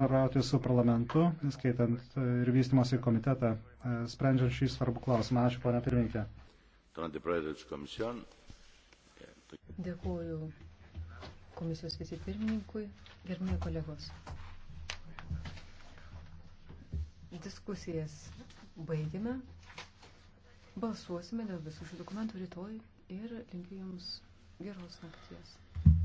bendrauti su parlamentu, skaitant e, ir vystimosi komitetą, e, sprendžiant šį svarbų klausimą. Ačiū, ponia pirmininkė. Dėkuoju komisijos vicepirmininkui, gerbėjai kolegos. Diskusijas baigime. Balsuosime dėl visų šių dokumentų rytoj ir linkiu Jums geros nakties.